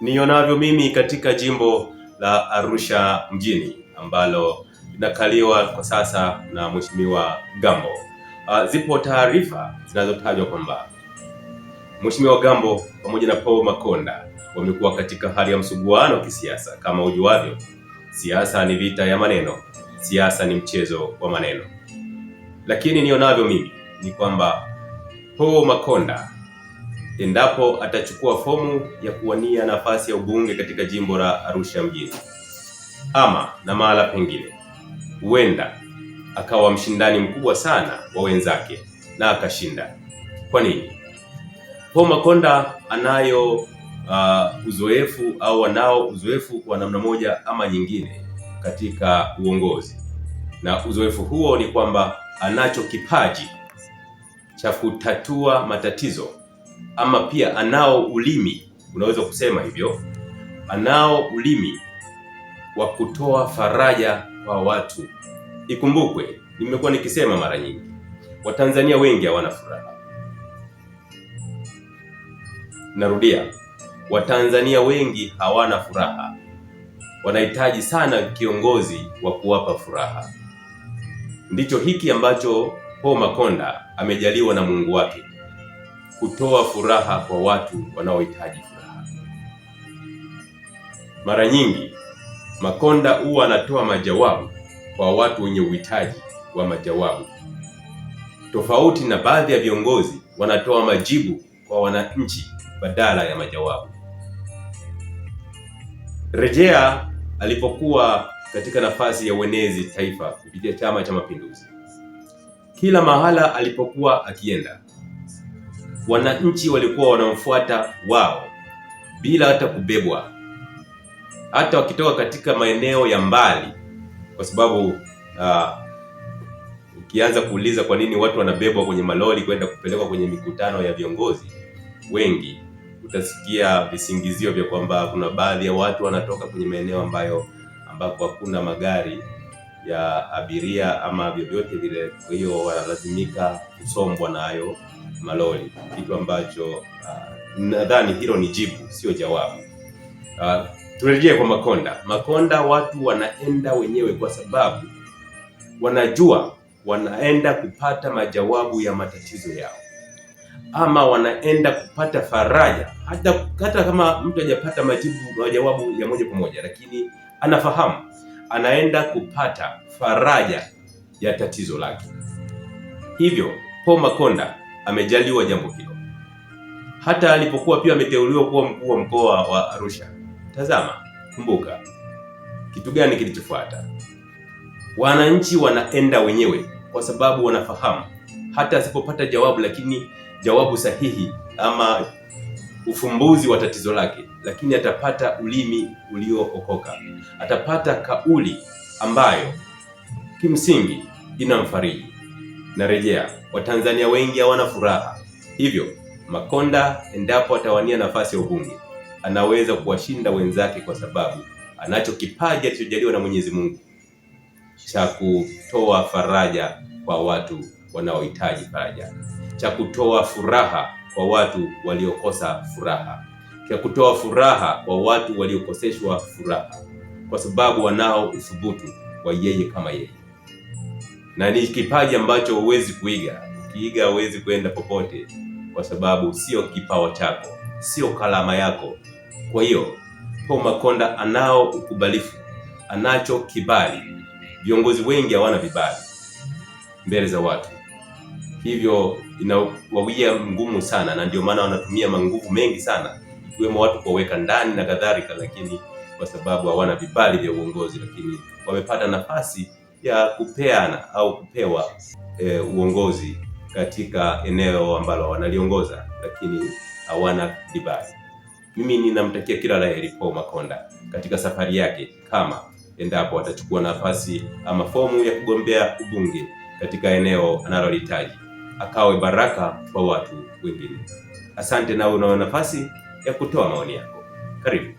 nionavyo mimi katika jimbo la Arusha mjini ambalo linakaliwa kwa sasa na Mheshimiwa Gambo. Uh, zipo taarifa zinazotajwa kwamba Mheshimiwa Gambo pamoja na Paul Makonda wamekuwa katika hali ya msuguano wa kisiasa. Kama ujuavyo, siasa ni vita ya maneno, siasa ni mchezo wa maneno, lakini nionavyo mimi ni kwamba Paul Makonda endapo atachukua fomu ya kuwania nafasi ya ubunge katika jimbo la Arusha mjini, ama na mahala pengine, huenda akawa mshindani mkubwa sana wa wenzake na akashinda. Kwa nini? Paul Makonda anayo uh, uzoefu au anao uzoefu kwa namna moja ama nyingine katika uongozi, na uzoefu huo ni kwamba anacho kipaji cha kutatua matatizo ama pia anao ulimi, unaweza kusema hivyo, anao ulimi wa kutoa faraja kwa watu. Ikumbukwe, nimekuwa nikisema mara nyingi, Watanzania wengi hawana furaha. Narudia, Watanzania wengi hawana furaha, wanahitaji sana kiongozi wa kuwapa furaha. Ndicho hiki ambacho Paul Makonda amejaliwa na Mungu wake kutoa furaha kwa watu wanaohitaji furaha. Mara nyingi Makonda huwa anatoa majawabu kwa watu wenye uhitaji wa majawabu, tofauti na baadhi ya viongozi wanatoa majibu kwa wananchi badala ya majawabu. Rejea alipokuwa katika nafasi ya uenezi taifa kupitia Chama cha Mapinduzi, kila mahala alipokuwa akienda wananchi walikuwa wanamfuata wao bila hata kubebwa, hata wakitoka katika maeneo ya mbali, kwa sababu uh, ukianza kuuliza kwa nini watu wanabebwa kwenye malori kwenda kupelekwa kwenye mikutano ya viongozi wengi, utasikia visingizio vya kwamba kuna baadhi ya watu wanatoka kwenye maeneo ambayo ambapo hakuna magari ya abiria ama vyovyote vile, kwa hiyo wanalazimika kusombwa na malori, kitu ambacho uh, nadhani hilo ni jibu, sio jawabu. Uh, turejee kwa Makonda. Makonda watu wanaenda wenyewe kwa sababu wanajua wanaenda kupata majawabu ya matatizo yao, ama wanaenda kupata faraja, hata hata kama mtu hajapata majibu majawabu ya moja kwa moja, lakini anafahamu anaenda kupata faraja ya tatizo lake. Hivyo Paul Makonda amejaliwa jambo hilo, hata alipokuwa pia ameteuliwa kuwa mkuu wa mkoa wa Arusha. Tazama, kumbuka kitu gani kilichofuata? Wananchi wanaenda wenyewe, kwa sababu wanafahamu hata asipopata jawabu, lakini jawabu sahihi ama ufumbuzi wa tatizo lake, lakini atapata ulimi uliookoka, atapata kauli ambayo kimsingi inamfariji. Narejea, Watanzania wengi hawana furaha, hivyo Makonda endapo atawania nafasi ya ubunge anaweza kuwashinda wenzake kwa sababu anacho kipaji alichojaliwa na Mwenyezi Mungu cha kutoa faraja kwa watu wanaohitaji faraja, cha kutoa furaha kwa watu waliokosa furaha, cha kutoa furaha kwa watu waliokoseshwa furaha, kwa sababu wanao uthubutu wa yeye kama yeye na ni kipaji ambacho huwezi kuiga. Ukiiga huwezi kwenda popote, kwa sababu sio kipawa chako, sio kalama yako. Kwa hiyo Paul Makonda anao ukubalifu, anacho kibali. Viongozi wengi hawana vibali mbele za watu, hivyo inawawia ngumu sana, na ndio maana wanatumia manguvu mengi sana, ikiwemo watu kuwaweka ndani na kadhalika, lakini kwa sababu hawana vibali vya uongozi, lakini wamepata nafasi ya kupeana au kupewa e, uongozi katika eneo ambalo wanaliongoza lakini hawana kibali. Mimi ninamtakia kila heri Paul Makonda katika safari yake kama endapo atachukua nafasi ama fomu ya kugombea ubunge katika eneo analolitaji, akawe baraka kwa watu wengine. Asante, na unao nafasi ya kutoa maoni yako. Karibu.